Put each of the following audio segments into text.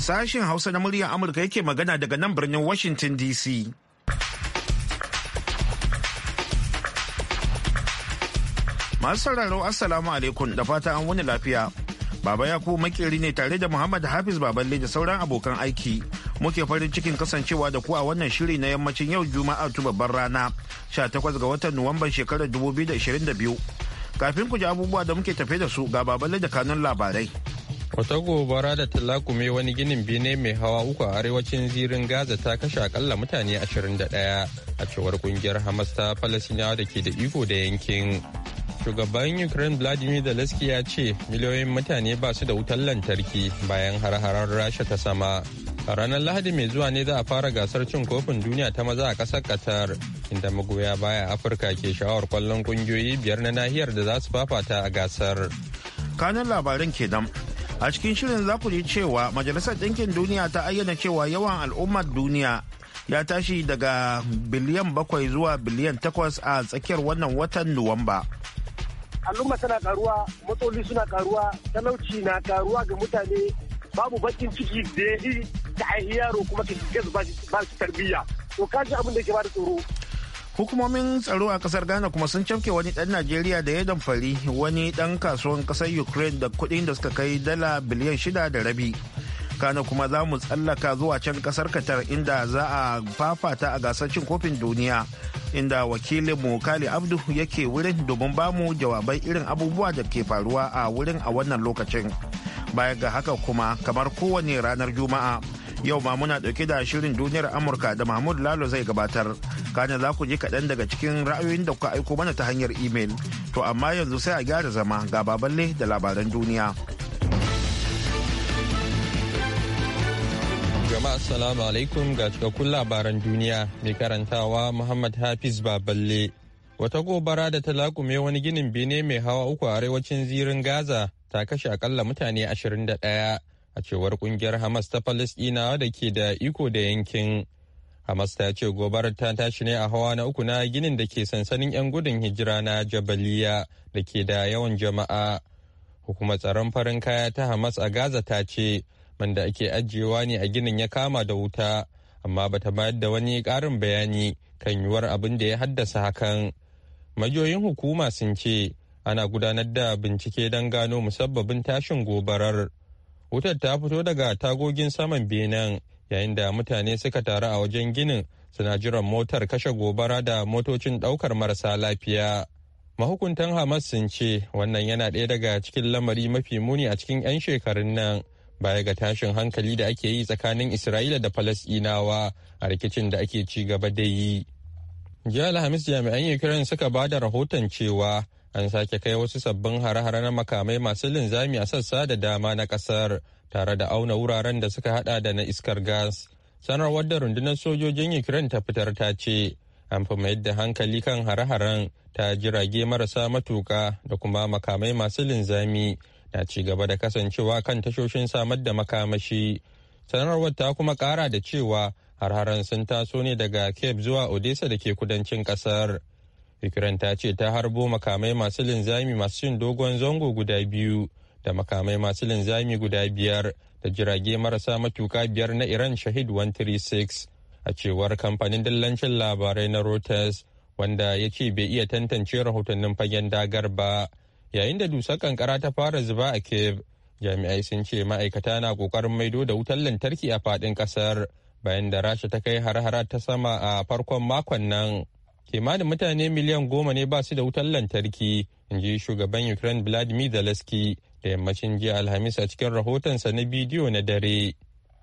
Sashen Hausa na muryar Amurka yake magana daga nan birnin Washington DC. Masu sauraro Assalamu alaikum da fata an wani lafiya. Baba Yakubu makeri ne tare da Muhammad Hafiz Baballe da sauran abokan aiki. muke farin cikin kasancewa da ku a wannan shiri na yammacin yau juma'a tu babbar rana 18 ga watan nuwamban shekarar 2022 kafin ku ji abubuwa da muke tafe da su ga baballe da kanun labarai wata gobara da talakume wani ginin bene mai hawa uku a arewacin zirin gaza ta kashe akalla mutane 21 a cewar kungiyar hamas ta falasinawa da ke da iko da yankin shugaban ukraine vladimir zelensky ya ce miliyoyin mutane ba su da wutar lantarki bayan har-harar rasha ta sama A ranar Lahadi mai zuwa ne za a fara gasar cin kofin duniya ta maza a ƙasar Qatar, inda magoya baya Afirka ke sha'awar kwallon kungiyoyi biyar na nahiyar da za su fafata a gasar. Kanan labaran kenan. A cikin shirin za ku ji cewa Majalisar Ɗinkin Duniya ta ayyana cewa yawan al'ummar duniya ya tashi daga biliyan bakwai zuwa biliyan takwas a tsakiyar wannan watan Nuwamba. Al'umma tana karuwa, matsaloli suna karuwa, talauci na karuwa ga mutane, babu bakin ciki da hukumomin tsaro a kasar ghana kuma sun cafke wani dan najeriya da ya damfari wani dan kasuwan kasar ukraine da kudin da suka kai dala biliyan shida da rabi kana kuma za mu tsallaka zuwa can kasar katar inda za a fafata a gasar cin kofin duniya inda wakilin mu kali abdu yake wurin domin ba mu jawabai irin abubuwa da ke faruwa a wurin a wannan lokacin baya ga haka kuma kamar kowane ranar juma'a yau ma muna dauke da shirin duniyar amurka da mahmud lalo zai gabatar kana za ku ji kaɗan daga cikin ra'ayoyin da kuka aiko mana ta hanyar imel to amma yanzu sai a gyara zama ga baballe da labaran duniya jama'a assalamu alaikum ga cikakkun labaran duniya mai karantawa muhammad hafiz baballe wata gobara da ta lakume wani ginin bene mai hawa uku a arewacin zirin gaza ta kashe akalla mutane 21 a cewar kungiyar hamas ta falastina da ke da iko da yankin hamas ta ce gobarar ta tashi ne a hawa na uku na ginin da ke sansanin 'yan gudun hijira na jabaliya da ke da yawan jama'a hukumar tsaron farin kaya ta hamas a gaza ta ce man da ake ajiyewa ne a ginin ya kama da wuta amma bata bayar da wani ƙarin bayani kan yiwuwar abin da ya haddasa hakan majiyoyin hukuma sun ce ana gudanar da bincike don gano musabbabin tashin gobarar wutar ta fito daga tagogin saman benen yayin da mutane suka taru a wajen ginin suna jiran motar kashe gobara da motocin daukar marasa lafiya. Mahukuntan Hamas sun ce wannan yana ɗaya daga cikin lamari mafi muni a cikin 'yan shekarun nan baya ga tashin hankali da ake yi tsakanin Isra'ila da Falasɗinawa a rikicin da ake ci gaba da yi. Jiya Alhamis jami'an Ukraine suka ba da rahoton cewa an sake kai wasu sabbin hare-hare na makamai masu linzami a sassa da dama na kasar tare da auna wuraren da suka hada da na iskar gas sanarwar da rundunar sojojin ukraine ta fitar ta ce an fi mayar da hankali kan hare-haren ta jirage marasa matuka da kuma makamai masu linzami na ci gaba da kasancewa kan tashoshin samar da makamashi sanarwar ta kuma kara da cewa har-haren sun taso ne daga cape zuwa odessa da ke kudancin kasar Ukraine ta ce ta harbo makamai masu linzami masu cin dogon zango guda biyu da makamai masu linzami guda biyar da jirage marasa matuka biyar na Iran Shahid 136 a cewar kamfanin dillancin labarai na Reuters wanda ya ce bai iya tantance rahotannin fagen dagar ba. Yayin da dusar kankara ta fara zuba a Kiev, jami'ai sun ce ma'aikata na kokarin maido da wutar lantarki a faɗin ƙasar bayan da Rasha ta kai har-hara ta sama a farkon makon nan. kimanin mutane miliyan goma ne ba su da wutar lantarki in ji shugaban ukraine vladimir zelensky da yammacin jiya alhamis a cikin rahotonsa na bidiyo na dare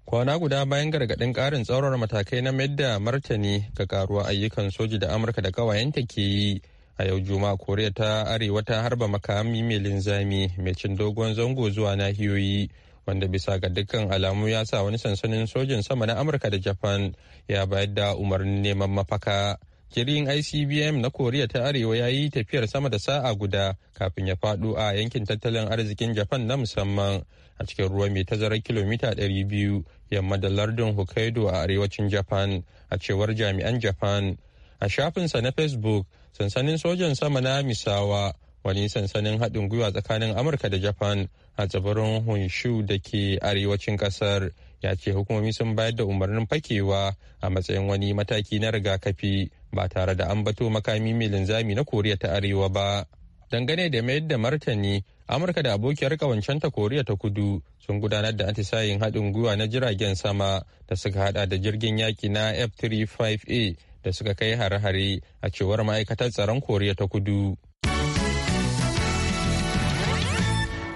kwana guda bayan gargaɗin ƙarin tsaurar matakai na mayar da martani ga karuwa ayyukan soji da amurka da ƙawayenta ke yi a yau juma'a koriya ta arewa ta harba makami mai linzami mai cin dogon zango zuwa nahiyoyi wanda bisa ga dukkan alamu ya sa wani sansanin sojin sama na amurka da japan ya bayar da umarnin neman mafaka Jirgin ICBM na Koriya ta Arewa ya yi tafiyar sama da sa'a guda kafin ya faɗo a yankin tattalin arzikin Japan na musamman a cikin ruwa mai tazarar kilomita 200 yamma da lardin Hokkaido a arewacin Japan a cewar jami'an Japan. A shafinsa na Facebook, sansanin sojan sama na Misawa, wani sansanin haɗin gwiwa tsakanin Amurka da Japan a tsibirin Honshu da ke arewacin kasar ya ce hukumomi sun bayar da umarnin fakewa a matsayin wani mataki na rigakafi. ba tare da an bato makami mai linzami na koriya ta arewa ba dangane da mayar da martani amurka da abokiyar kawancenta koriya ta kudu sun gudanar da atisayin haɗin gwiwa na jiragen sama da suka hada da jirgin yaki na f-35a da suka kai hare-hare a cewar ma'aikatar tsaron koriya ta kudu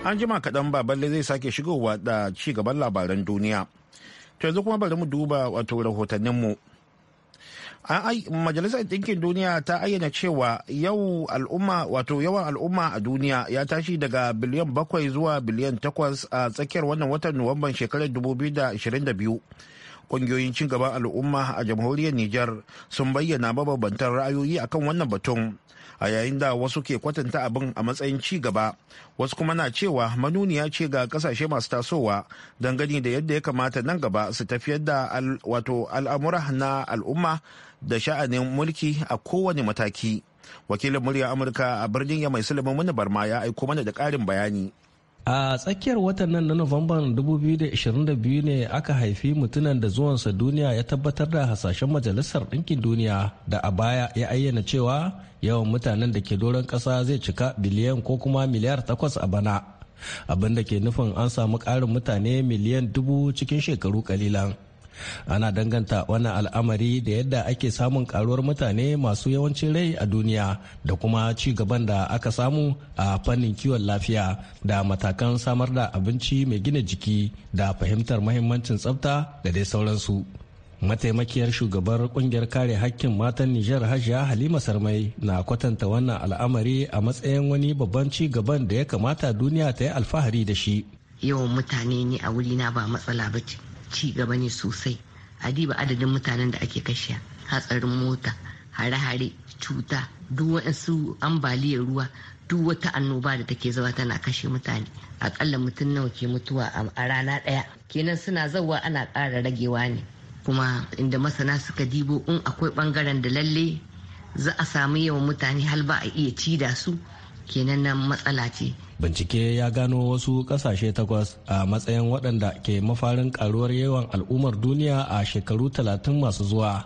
an jima kaɗan baballe zai sake shigowa da ci gaban labaran duniya to yanzu kuma bari mu duba wato rahotanninmu majalisar ɗinkin duniya ta ayyana cewa yau al'umma wato yawan al'umma a duniya ya tashi daga biliyan bakwai zuwa biliyan takwas a tsakiyar wannan watan nuwamban shekarar 2022 kungiyoyin cin gaban al'umma a jamhuriyar nijar sun bayyana mabambantan ra'ayoyi akan wannan batun a yayin da wasu ke kwatanta abin a matsayin ci gaba wasu kuma na cewa manuniya ce ga kasashe masu tasowa gani da yadda ya kamata nan gaba su tafiyar da wato al'amura na al'umma da sha'anin mulki a kowane mataki wakilin murya amurka a birnin ya mai sulamin mana barma ya aiko mana da ƙarin bayani a tsakiyar watan nan na novamban 2022 ne aka haifi mutunan da zuwansa duniya ya tabbatar da hasashen majalisar ɗinkin duniya da a baya ya ayyana cewa yawan mutanen da ke doron ƙasa zai cika biliyan ko kuma miliyar takwas a bana abin da ke nufin an samu ƙarin mutane miliyan dubu cikin shekaru ƙalilan. ana danganta wannan al'amari da yadda ake samun karuwar mutane masu yawancin rai a duniya da kuma ci gaban da aka samu a fannin kiwon lafiya da matakan samar da abinci mai gina jiki da fahimtar mahimmancin tsafta da dai sauransu mataimakiyar shugabar kungiyar kare hakkin matan nijar hajiya halima sarmai na kwatanta wannan al'amari a matsayin wani babban ci gaban da ya kamata duniya ta yi alfahari da shi yawan mutane ne a wuri na ba matsala ba ci gaba ne sosai a diba adadin mutanen da ake kashe hatsarin mota hare-hare cuta duk waansu ambaliyar ruwa duk wata annoba da take zawa tana kashe mutane akalla mutum nawa ke mutuwa a rana ɗaya kenan suna zawa ana ƙara ragewa ne kuma inda masana suka dibo in akwai ɓangaren da lalle za a samu yawan mutane hal ba a iya ci da su kenan nan matsala ce bincike ya gano wasu kasashe takwas a matsayin waɗanda ke mafarin karuwar yawan al'ummar duniya a shekaru talatin masu zuwa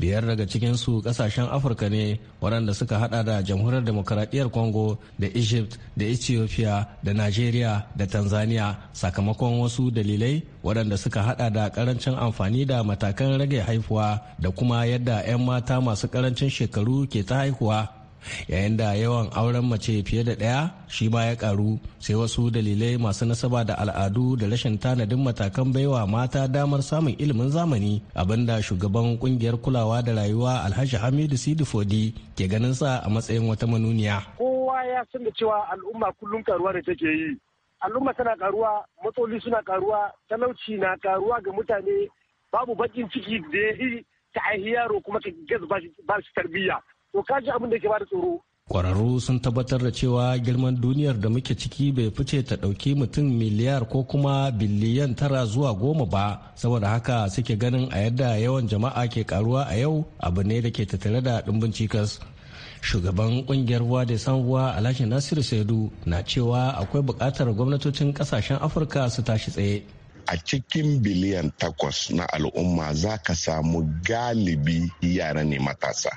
biyar daga cikinsu kasashen afirka ne waɗanda suka hada da jamhuriyar demokaradiyyar congo da egypt da ethiopia da nigeria da tanzania sakamakon wasu dalilai waɗanda suka hada da ƙarancin amfani da matakan rage haihuwa da kuma yadda 'yan mata masu ƙarancin shekaru ke ta haihuwa yayin da yawan auren mace fiye da ɗaya shi ma ya karu sai wasu dalilai masu nasaba da al'adu da rashin tanadin matakan baiwa mata damar samun ilimin zamani abinda shugaban kungiyar kulawa da rayuwa alhaji hamidu sidi fodi ke ganin sa a matsayin wata manuniya kowa ya san da cewa al'umma kullum karuwa da take yi al'umma tana karuwa matsaloli suna karuwa talauci na karuwa ga mutane babu bakin ciki da ya yi ta yaro kuma ka gaza ba shi tarbiyya to kaji abin da ke bada tsoro kwararru sun tabbatar da cewa girman duniyar da muke ciki bai fice ta ɗauki mutum miliyar ko kuma biliyan tara zuwa goma ba saboda haka suke ganin a yadda yawan jama'a ke karuwa a yau abu ne da ke tattare da ɗumbin cikas shugaban kungiyar ruwa da san ruwa alhaji nasiru saidu na cewa akwai buƙatar gwamnatocin ƙasashen afirka su tashi tsaye a cikin biliyan takwas na al'umma za ka samu galibi yara ne matasa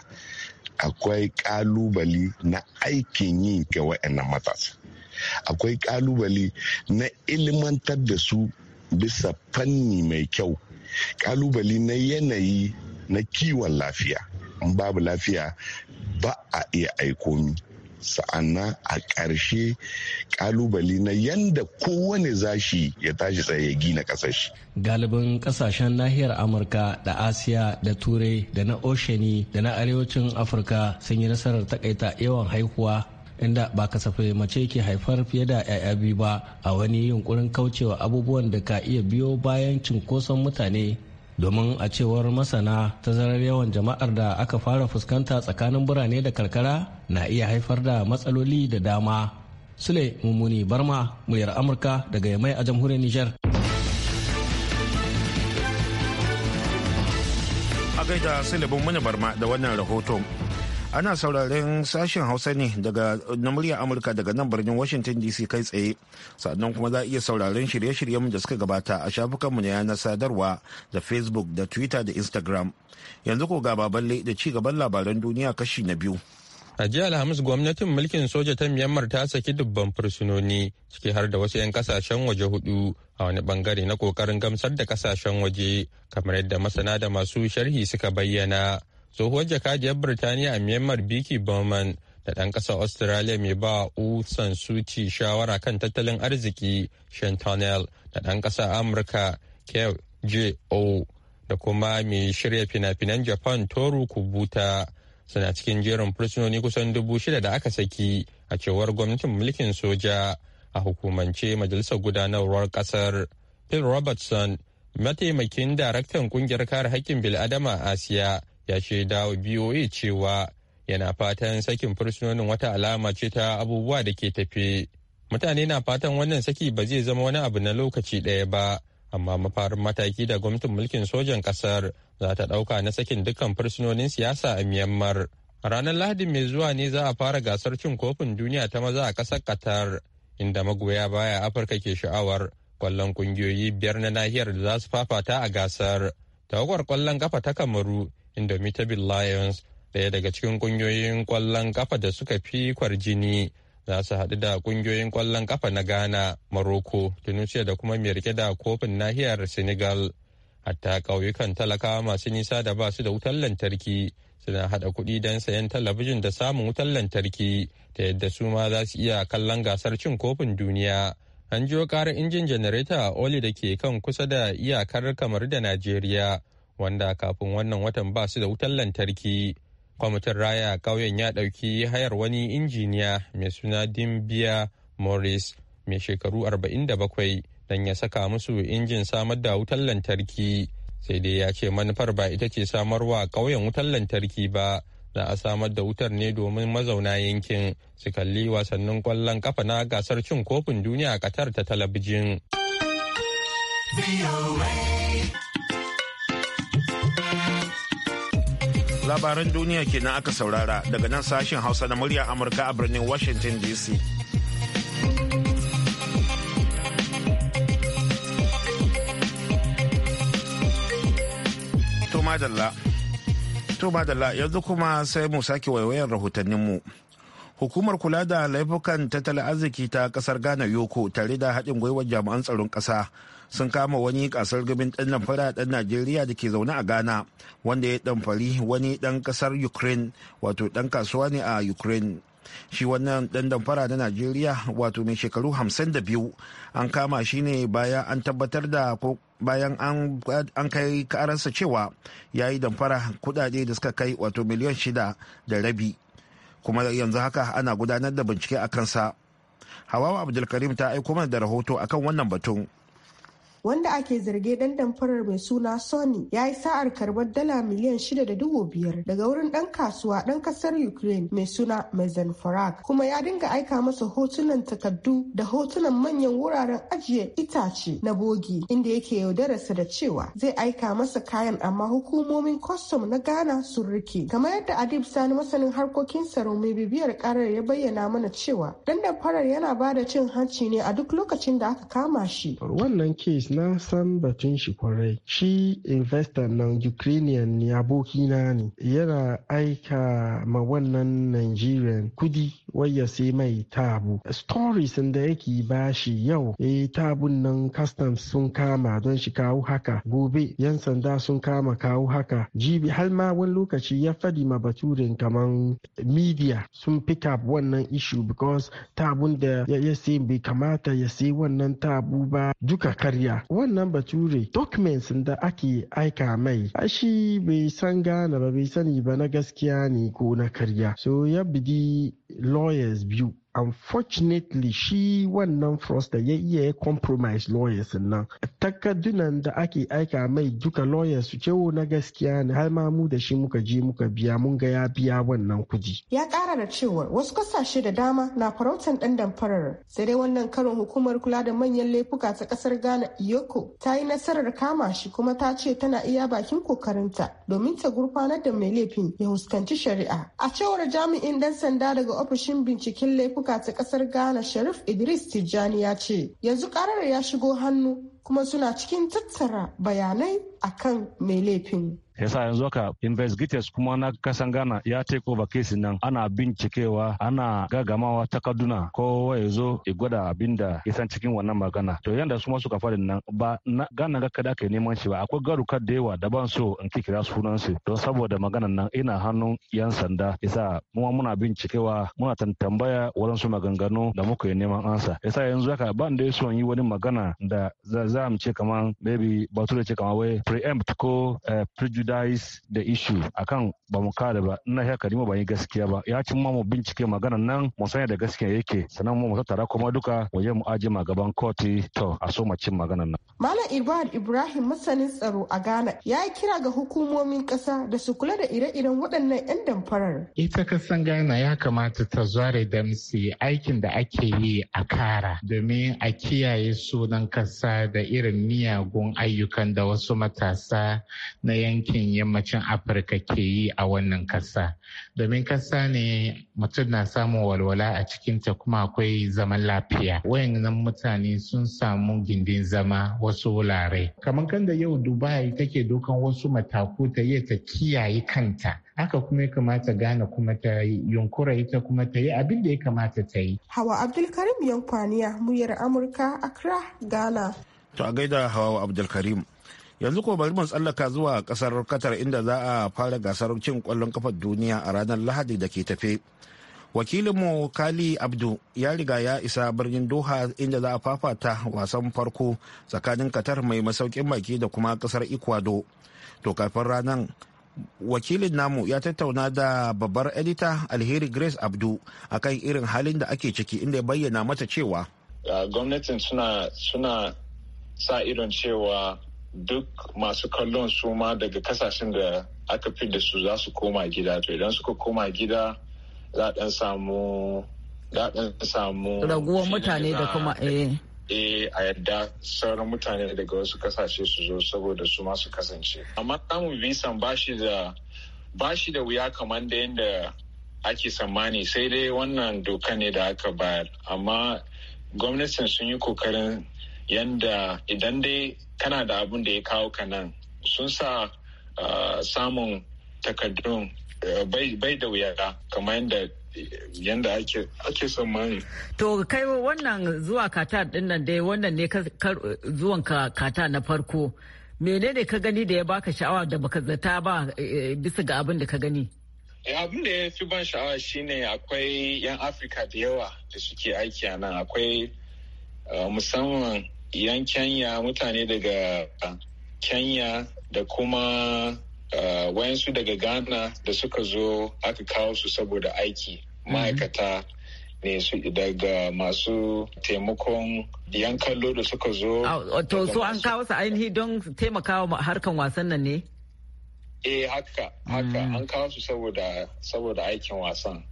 akwai kalubali na aikin yi ga wa'annan matasa akwai kalubali na ilimantar da su bisa fanni mai kyau kalubali na yanayi na kiwon lafiya in babu lafiya ba a iya aikomi sa'annan a ƙarshe kalubali na yanda kowane zashi ya tashi tsaye ya gina ƙasar galibin ƙasashen nahiyar amurka da asiya da turai da na oshani da na arewacin afirka sun yi nasarar takaita yawan haihuwa inda ba kasafai mace ke haifar fiye da 'ya'ya biyu ba a wani yunkurin kaucewa abubuwan da ka iya biyo bayan cinkoson mutane domin a cewar masana tazarar yawan jama'ar da aka fara fuskanta tsakanin birane da karkara na iya haifar da matsaloli da dama sule mummuni barma muryar amurka daga yamai a jamhuriyar nijar a gaida sule mummuni barma da wannan rahoton ana sauraren sashen hausa ne daga na murya amurka daga nan birnin washington dc kai tsaye sannan kuma za a iya sauraren shirye-shiryen da suka gabata a shafukanmu na yanar sadarwa da facebook da twitter da instagram yanzu ko ga baballe da ci gaban labaran duniya kashi na biyu a jiya alhamis gwamnatin mulkin soja ta myanmar ta saki dubban fursunoni ciki har da wasu 'yan kasashen waje hudu a wani bangare na kokarin gamsar da kasashen waje kamar yadda masana da masu sharhi suka bayyana tsohuwar jakadiyar birtaniya a myanmar biki bowman da ɗan ƙasar australia mai ba u suci shawara kan tattalin arziki shantanel da ɗan ƙasar amurka kjo da kuma mai shirya fina-finan japan toru kubuta suna cikin jerin fursunoni kusan dubu shida da aka saki a cewar gwamnatin mulkin soja a hukumance majalisar gudanarwar ƙasar phil robertson mataimakin daraktan kungiyar kare haƙƙin bil'adama a asiya ya ce wa BOA cewa yana fatan sakin fursunonin wata alama ce ta abubuwa da ke tafe. Mutane na fatan wannan saki ba zai zama wani abu na lokaci ɗaya ba, amma mafarin mataki da gwamnatin mulkin sojan ƙasar za ta ɗauka na sakin dukkan fursunonin siyasa a Myanmar. Ranar Lahadi mai zuwa ne za a fara gasar cin kofin duniya ta maza a ƙasar Qatar, inda magoya baya Afirka ke sha'awar kwallon ƙungiyoyi biyar na nahiyar da za su fafata a gasar. Tawagar kwallon kafa ta Kamaru indomitable lions daya daga cikin kungiyoyin kwallon kafa da suka fi kwarjini za su haɗu da kungiyoyin kwallon kafa na ghana morocco tunisia da kuma mai da kofin nahiyar senegal hatta ƙauyukan talakawa masu nisa da ba su da wutar lantarki suna haɗa kuɗi don sayan talabijin da samun wutar lantarki ta yadda su ma za su iya kallon gasar cin kofin duniya an jiyo ƙarar injin janareta a oli da ke kan kusa da iyakar kamar da najeriya wanda kafin wannan watan ba su da wutar lantarki kwamitin raya ƙauyen ya ɗauki hayar wani injiniya mai suna dimbiya morris mai shekaru 47 don ya saka musu injin samar da wutar lantarki sai dai ya ce manufar ba ita ce samarwa ƙauyen wutar lantarki ba za a samar da wutar ne domin mazauna yankin su kalli wasannin kwallon kafa na gasar cin kofin duniya a ta talabijin. labaran duniya kenan aka saurara daga nan sashen hausa na murya amurka a birnin washington dc to madalla yanzu kuma sai mu sake waiwayan rahotanninmu hukumar kula da laifukan tattalin arziki ta kasar ghana yoko tare da haɗin gwiwar jami'an tsaron ƙasa sun kama wani kasar gabin ɗan damfara dan najeriya da ke zaune a ghana wanda ya damfari wani dan kasar ukraine wato ɗan kasuwa ne a ukraine shi wannan ɗan damfara na najeriya wato mai shekaru 52 an kama shi ne bayan an tabbatar da ko bayan an kai karansa cewa ya yi damfara kudade da suka kai wato miliyan shida da rabi kuma yanzu haka ana gudanar da bincike a kansa hawawa abdulkarim ta aiko mana da rahoto akan wannan batun wanda ake zarge dan damfarar mai suna Sony ya yi sa'ar karbar dala miliyan shida da dubu biyar daga wurin dan kasuwa dan kasar Ukraine mai suna Mezen Farak kuma ya dinga aika masa hotunan takardu da hotunan manyan wuraren ajiye itace na bogi inda yake yaudararsa da cewa zai aika masa kayan amma hukumomin kwastam na Ghana sun rike. Kamar yadda Adib Sani masanin harkokin tsaro mai bibiyar karar ya bayyana mana cewa dan damfarar yana bada cin hanci ne a duk lokacin da aka kama shi. Wannan kes na san batun shi kwarai shi investor na ukrainian ne abokina ne yana aika ma wannan nigerian kudi waya sai mai tabu stories da yake shi yau eh tabun nan customs sun kama don shi kawo haka gobe yan sanda sun kama kawo haka jibi har ma wani lokaci ya fadi ma baturin kaman media sun pick up wannan issue because tabun da ya sai bai kamata ya sai wannan tabu ba duka karya wannan bature documents da ake aika mai ashi bai san gane ba bai sani ba na gaskiya ne ko na karya so ya bidi lawyers biyu unfortunately shi wannan frost ya iya ya compromise lawyers nan takardunan da ake aika mai duka lawyers su cewo oh, na gaskiya ne har ma mu da shi muka je muka biya mun ga ya biya wannan kuji ya kara da cewa wasu kasashe da dama na farautan dan damfarar sai dai wannan karin hukumar kula da manyan laifuka ta kasar ghana iyoko ta yi nasarar kama shi kuma ta ce tana iya bakin kokarinta domin ta gurfanar da mai laifin ya huskanci shari'a a cewar jami'in dan sanda daga ofishin binciken laifuka laifuka ta kasar ghana sharif idris tijjani ya ce yanzu karar ya shigo hannu kuma suna cikin tattara bayanai akan mai laifin yasa yanzu haka investigators kuma na kasan ghana ya take over case nan ana bincikewa ana gagamawa ta kaduna kowa ya zo ya gwada abin da ya san cikin wannan magana to yanda su suka kafa nan ba na ghana ga kada ka neman shi ba akwai garuka da yawa da ban so in kikira sunan su don saboda maganan nan ina hannun yan sanda yasa kuma muna bincikewa muna tambaya wurin su maganganu da muka yi neman ansa yasa yanzu haka ban da so yi wani magana da za mu ce kamar maybe bature ce kamar wai preempt ko eh, prejudice prejudice the issue akan ba mu kada ba ina ya karima ba yi gaskiya ba ya cin ma mu bincike magana nan mu sanya da gaskiya yake sannan mu tara kuma duka waje mu aje ma gaban koti to a so mu cin maganan nan Malam Ibrahim Ibrahim masanin tsaro a Ghana ya yi kira ga hukumomin kasa da su kula da ire-iren waɗannan 'yan damfarar. Ita kasan Ghana ya kamata ta zare damsi aikin da ake yi a kara domin a kiyaye sunan kasa da irin miyagun ayyukan da wasu matasa na yankin aikin yammacin afirka ke yi a wannan kasa domin kasa ne mutum na samun walwala a cikinta kuma akwai zaman lafiya wayannan mutane sun samu gindin zama wasu wulare kamar kan da yau dubai take dokan wasu mataku ta yi ta kiyaye kanta haka kuma ya kamata gane kuma ta yi, yunkura ita kuma ta yi abin da ya kamata ta yi hawa abdulkarim yankwaniya muryar amurka accra ghana to a gaida hawa abdulkarim yanzu ko bari mu tsallaka zuwa kasar qatar inda za a fara gasar cin kwallon kafar duniya a ranar lahadi da ke tafe wakilinmu kali abdu ya riga ya isa birnin doha inda za a fafata wasan farko tsakanin qatar mai masaukin baki da kuma kasar ecuador to kafin ranar wakilin namu ya tattauna da babbar edita alheri grace abdu akan irin halin da ake ciki inda ya bayyana mata cewa ah, gwamnatin suna suna sa idon cewa duk masu kallon su ma daga kasashen da aka fi da su za su koma gida to idan suka koma gida za a samu samu raguwar mutane da kuma eh. eh a yadda sauran mutane daga wasu kasashe su zo saboda su masu kasance amma samun bisan bashi da bashi da wuya kamar da yadda ake tsammani sai dai wannan doka ne da aka bayar amma gwamnatin sun yi kokarin yanda idan dai kana da abun da ya kawo ka nan sun sa samun takardun bai da wuya kamar yadda yanda ake ake tsammani. To kai wannan zuwa kata din nan dai wannan ne zuwan ka kata na farko menene ka gani da ya baka sha'awa da baka zata ba e, e, bisa ga abin da ka gani? Eh, abin da ya fi ban sha'awa shine akwai 'yan afirka da yawa da suke aiki a nan akwai musamman yan kenya mutane daga kenya da kuma uh, wayansu daga ghana da suka zo aka kawo su saboda aiki mhm. ma'aikata ne su daga masu taimakon yan kallo da suka zo ah, oh, to so an kawo su ainihi don taimakawa harkan wasan nan ne eh haka haka mm. an kawo su saboda aikin wasan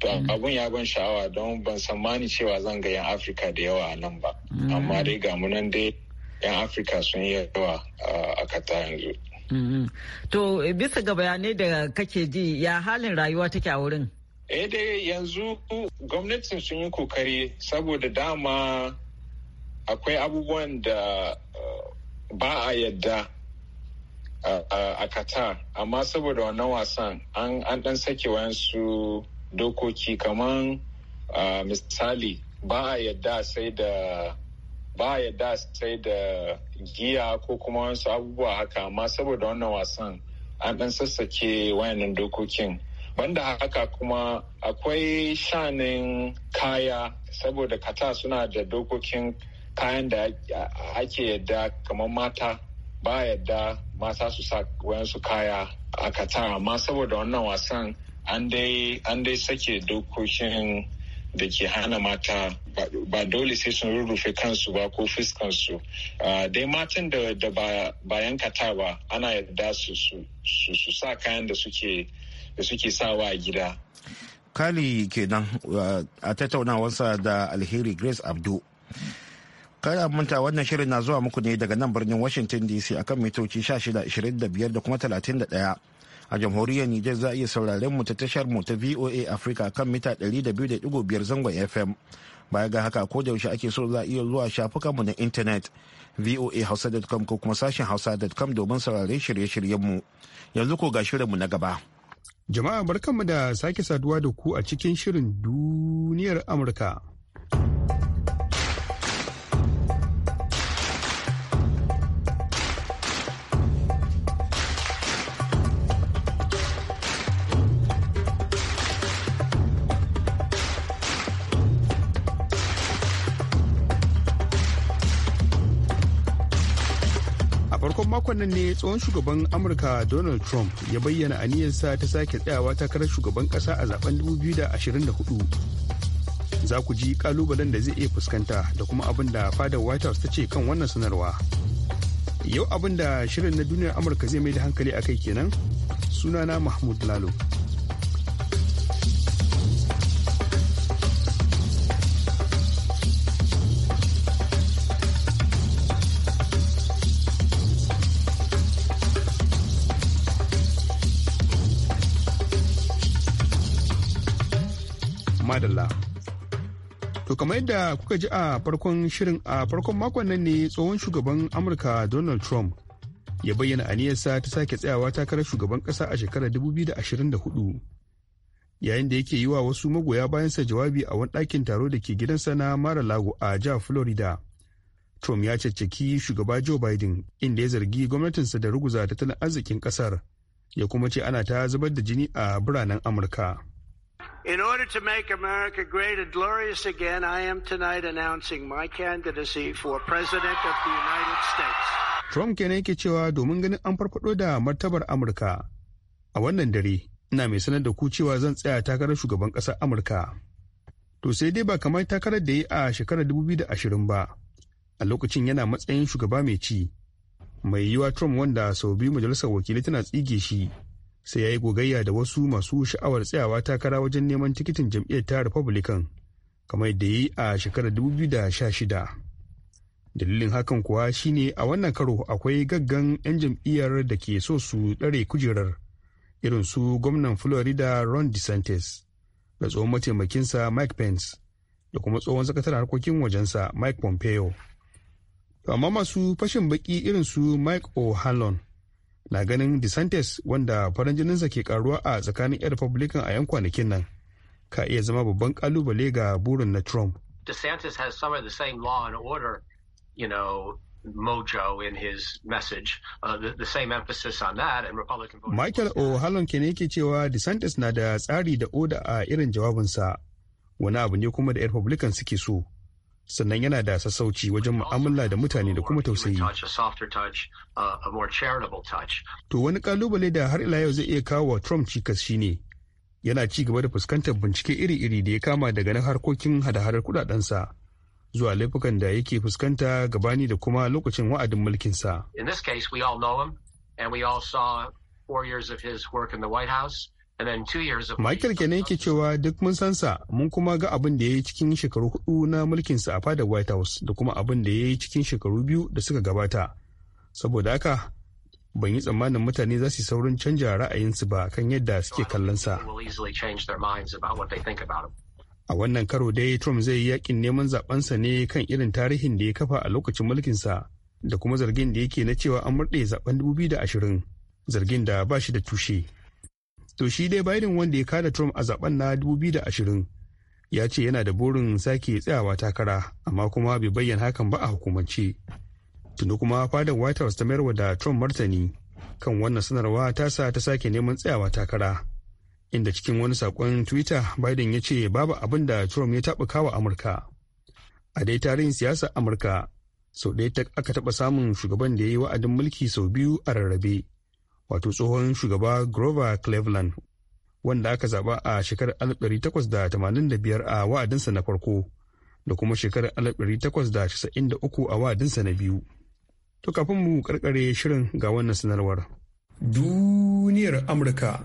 Mm. abun ya ban sha'awa don ban tsammani cewa zan ga yan afirka da yawa a nan ba mm. amma dai ga nan dai yan afirka sun yi yawa a kata yanzu mm-hmm. to eh, bisa ga bayanai da kake ji ya halin rayuwa take a wurin eh dai yanzu gwamnatin sun yi kokari saboda dama akwai abubuwan da eh, ba a yadda a kata amma saboda wannan wasan an dan sake wayansu dokoki kamar misali ba a yadda sai da ba a yadda sai da giya ko kuma wasu abubuwa haka amma saboda wannan wasan an ɗan sassake wayannan dokokin banda haka kuma akwai shanin kaya saboda kata suna da dokokin kayan da ake yadda kamar mata ba yadda mata su sa wayansu kaya a kata amma saboda wannan wasan an dai sake dokokin da ke hana mata ba dole sai sun rurrufe kansu ba ko fuskansu dai matan da ba yankata ba ana yarda su sa kayan da suke sawa a gida kali kenan a tattaunawarsa da alheri grace abdu kada manta wannan shirin na zuwa muku ne daga nan birnin washington dc akan mitoci 25 da kuma 31 a jamhuriyar Nijar za a iya sauraren mu ta tashar mu ta VOA Africa kan mita 200.5 zangon FM. Baya ga haka ko da yaushe ake so za a iya zuwa shafukan mu na intanet voa voahausa.com ko kuma sashen hausa.com domin saurare shirye-shiryen mu. Yanzu ko ga shirin mu na gaba. Jama'a barkanmu da sake saduwa da ku a cikin shirin duniyar Amurka. farkon makon nan ne tsohon shugaban amurka donald trump ya bayyana aniyarsa ta sake tsayawa takarar shugaban kasa a zaben 2024 za ku ji kalubalen da zai iya fuskanta da kuma abin da fadar white house ta ce kan wannan sanarwa yau abin da shirin na duniyar amurka zai mai da hankali a kai kenan sunana mahmud lalo madalla. To kama yadda kuka ji a farkon shirin a farkon makon nan ne tsohon shugaban Amurka Donald Trump ya bayyana aniyarsa ta sake tsayawa takarar shugaban ƙasa a shekarar 2024. Yayin da yake yi wa wasu magoya bayansa jawabi a wani ɗakin taro da ke gidansa na Mara Lago a jihar Florida. Trump ya caccaki shugaba Joe Biden inda ya zargi gwamnatinsa da ruguza tattalin arzikin ƙasar ya kuma ce ana ta zubar da jini a biranen Amurka. In order to make America great and glorious again, I am tonight announcing my candidacy for President of the United States. Trump kenan yake cewa domin ganin an farfado da martabar Amurka. A wannan dare, ina mai sanar da ku cewa zan tsaya takarar shugaban ƙasar Amurka. To sai dai ba kamar takarar da ya a shekarar 2020 ba. A lokacin yana matsayin shugaba mai ci. Mai yiwuwa Trump wanda sau biyu majalisar wakili tana tsige shi. sai ya yi gogayya da wasu masu sha'awar tsayawa takara wajen neman tikitin jam'iyyar ta republican kamar da yi a shekarar 2016 dalilin hakan kuwa shine a wannan karo akwai gaggan 'yan jam'iyyar da ke so su ɗare kujerar irin su gwamnan florida ron desantis da tsohon mataimakinsa mike pence da kuma tsohon sakataren harkokin wajensa mike pompeo amma masu fashin baki irin su mike o'hanlon na ganin DeSantis wanda farin jininsa ke karuwa a tsakanin 'yan Republican a 'yan kwanakin nan ka iya zama babban kalubale ga burin na Trump. DeSantis has some of the same law and order, you know, mojo in his message, uh, the, the same emphasis on that and Republican voters. Michael o'hallon ke ne yake cewa DeSantis na da tsari da oda a irin jawabinsa. Wani abu ne kuma da 'yan Republican suke so. sannan yana da sassauci wajen mu'amala da mutane da kuma tausayi. To wani kalubale da har ila yau zai iya kawo wa Trump cikas shine yana ci gaba da fuskantar bincike iri-iri da ya kama daga na harkokin hada-hadar kudadensa zuwa laifukan da yake fuskanta gabani da kuma lokacin wa'adin mulkinsa. In this we all know him and we all saw four his work in the House. Michael Kene yake cewa duk mun san sa mun kuma ga abin da ya yi cikin shekaru hudu na mulkin sa a fadar White House da kuma abin da ya yi cikin shekaru biyu da suka gabata. Saboda haka ban yi tsammanin mutane za su saurin canja ra'ayinsu ba kan yadda suke kallon sa. A wannan karo dai Trump zai yi yakin neman sa ne kan irin tarihin da ya kafa a lokacin mulkin sa da kuma zargin da yake na cewa an murɗe zaben 2020 zargin da ba shi da tushe. To shi dai Biden wanda ya kada Trump a zaben na 2020 ya ce yana da burin sake tsayawa takara amma kuma bai bayyana hakan ba a hukumance. Tunda kuma fadar White House ta mayarwa da Trump martani kan wannan sanarwa ta sa ta sake neman tsayawa takara. Inda cikin wani saƙon Twitter Biden ya ce babu abin da Trump ya taɓa kawa Amurka. A dai tarihin siyasar Amurka sau ɗaya aka taɓa samun shugaban da ya yi wa'adin mulki sau biyu a rarrabe. wato tsohon shugaba grover cleveland wanda aka zaba a shekarar 1885 a wa'adinsa na farko da kuma shekarar 1893 a wa'adinsa na biyu to kafin mu karkare shirin ga wannan sanarwar duniyar amurka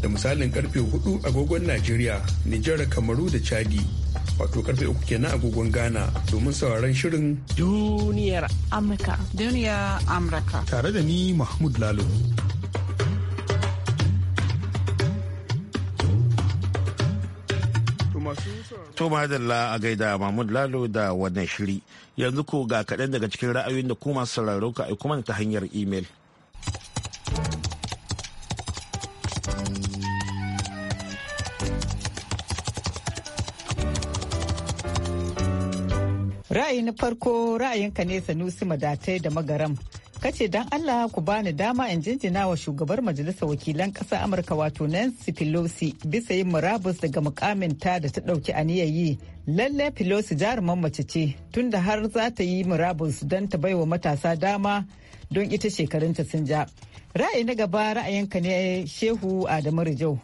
da misalin karfe 4 agogon Najeriya, Nijar, Kamaru da Chadi. Wato karfe uku kenan agogon Ghana domin sauraron shirin Duniyar Amurka. Duniyar Amurka. Tare da ni Mahmud Lalo. To madalla a gaida Mahmud Lalo da wannan shiri. Yanzu ko ga kaɗan daga cikin ra'ayoyin da kuma sauraro ka aiko mana ta hanyar imel. ra'ayi na farko ra'ayinka ne sanusi madatai da magaram kace dan Allah ku bani dama in jinjina wa shugabar majalisar wakilan ƙasa Amurka wato Nancy Pelosi bisa yin murabus daga mukamin ta da ta ɗauki aniyar yi. Lalle Pelosi jaruman mace ce tunda har za ta yi murabus don ta baiwa matasa dama don ita shekarunta sun ja. Ra'ayi na gaba ra'ayinka ne Shehu Adamu Rijau.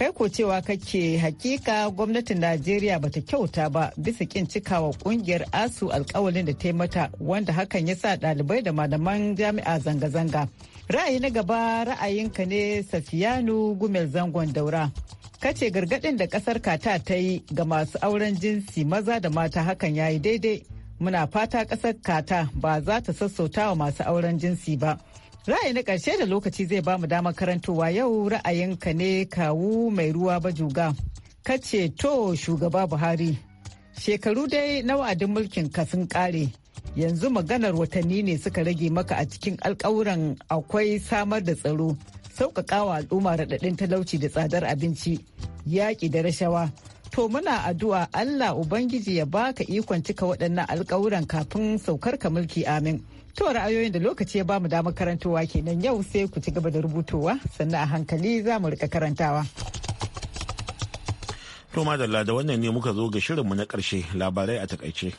kai ko cewa kake hakika gwamnatin najeriya bata kyauta ba bisa kin cikawa kungiyar asu alkawalin da ta yi mata wanda hakan ya sa dalibai da malaman jami'a zanga-zanga ra'ayi na gaba ra'ayinka ne safiyanu gumel zangon daura kace gargadin da kasar kata ta yi ga masu auren jinsi maza da mata hakan ya yi daidai muna fata ƙasar kata ba za ta sassauta wa masu auren jinsi ba Ra'ayi na ƙarshe da lokaci zai ba mu damar karantowa yau ra'ayinka ne kawu mai ruwa bajuga. Kace to shugaba Buhari. Shekaru dai na wa'adin mulkin ka sun ƙare. Yanzu maganar watanni ne suka rage maka a cikin alkawuran akwai samar da tsaro, sauƙaƙawa al'umma raɗaɗin talauci da tsadar abinci, yaƙi da rashawa. To muna addu'a Allah Ubangiji ya baka ikon cika waɗannan alkawuran kafin saukar ka mulki amin. To ra'ayoyin da lokaci ya bamu damar karantowa kenan yau sai ku ci gaba da rubutuwa sannan a hankali za mu rika karantawa. To madalla da wannan ne muka zo ga shirin mu na karshe labarai a takaice.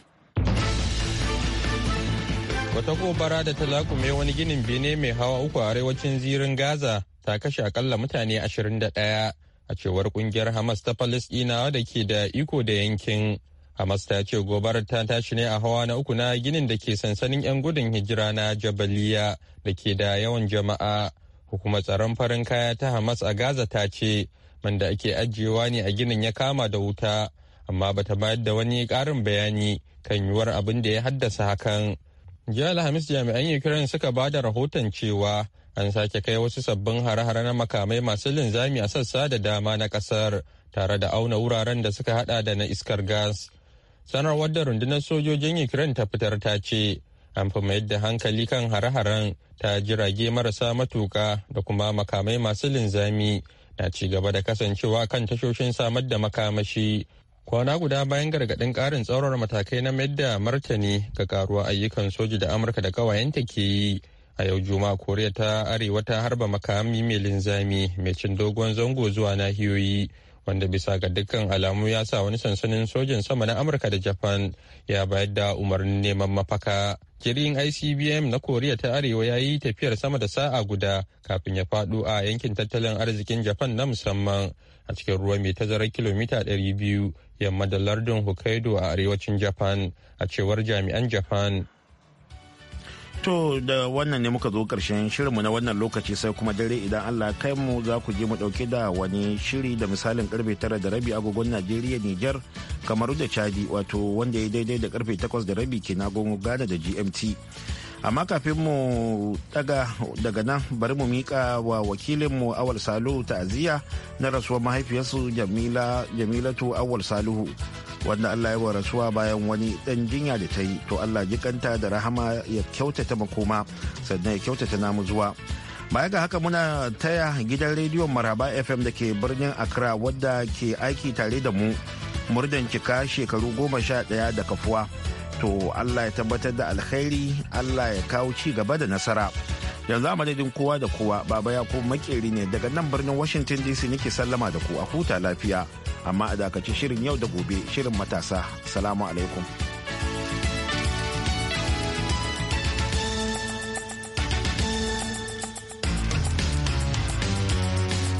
Wata gobara da ta lakume wani ginin bene mai hawa uku a arewacin zirin Gaza ta kashe akalla mutane 21 a cewar kungiyar Hamas ta Falasɗinawa da ke da iko da yankin. Hamas ta ce gobarar ta tashi ne a hawa na uku na ginin da ke sansanin 'yan gudun hijira na Jabaliya da ke da yawan jama'a. Hukumar tsaron farin kaya ta Hamas a Gaza ta ce, man da ake ajiyewa ne a ginin ya kama da wuta, amma bata bayar da wani karin bayani kan yiwuwar abin da ya haddasa hakan. Jiya Alhamis jami'an Ukraine suka ba da rahoton cewa an sake kai wasu sabbin hare-hare na makamai masu linzami a sassa da dama na kasar tare da auna wuraren da suka hada da na iskar gas sanarwar da rundunar sojojin ukraine ta fitar ta ce an fi mayar da hankali kan hare-haren ta jirage marasa matuka da kuma makamai masu linzami na ci gaba da kasancewa kan tashoshin samar da makamashi kwana guda bayan gargadin karin tsaurar matakai na mayar da martani ga karuwa ayyukan soji da amurka da kawayenta ke yi a yau juma koriya ta arewa ta harba makami mai linzami mai cin dogon zango zuwa nahiyoyi wanda bisa ga dukkan alamu ya sa wani sansanin sojin sama na amurka da japan ya bayar da umarnin neman mafaka jirgin icbm na koriya ta arewa ya yi tafiyar sama da sa'a guda kafin ya fadu a yankin tattalin arzikin japan na musamman a cikin ruwa mai tazarar kilomita 200 yamma da lardin hokkaido a arewacin japan a cewar jami'an japan To da wannan ne muka zo karshen shirinmu na wannan lokaci sai kuma dare idan Allah kai mu za ku je mu ɗauke da wani shiri da misalin karfe tara da rabi agogon Najeriya Nijar kamaru da Chadi wato wanda ya daidai da karfe takwas da rabi ke nagon Ghana da GMT. amma kafin mu daga daga nan bari mu mika wa wakilinmu awal Salu ta'aziyya na rasuwar mahaifiyarsu jamila jamilatu awal saluhu wanda Allah ya wa rasuwa bayan wani dan jinya da ta yi to Allah jikanta da rahama ya kyautata makoma sannan ya kyautata namu zuwa baya ga haka muna taya gidan rediyon maraba fm da ke birnin accra wadda ke aiki tare da mu murdan cika shekaru goma sha daya da kafuwa to Allah ya tabbatar da alkhairi Allah ya kawo ci gaba da nasara yanzu a madadin kowa da kowa baba ya ko makeri ne daga nan birnin washington dc nake sallama da ku a huta lafiya amma a dakaci shirin yau da gobe shirin matasa salamu alaikum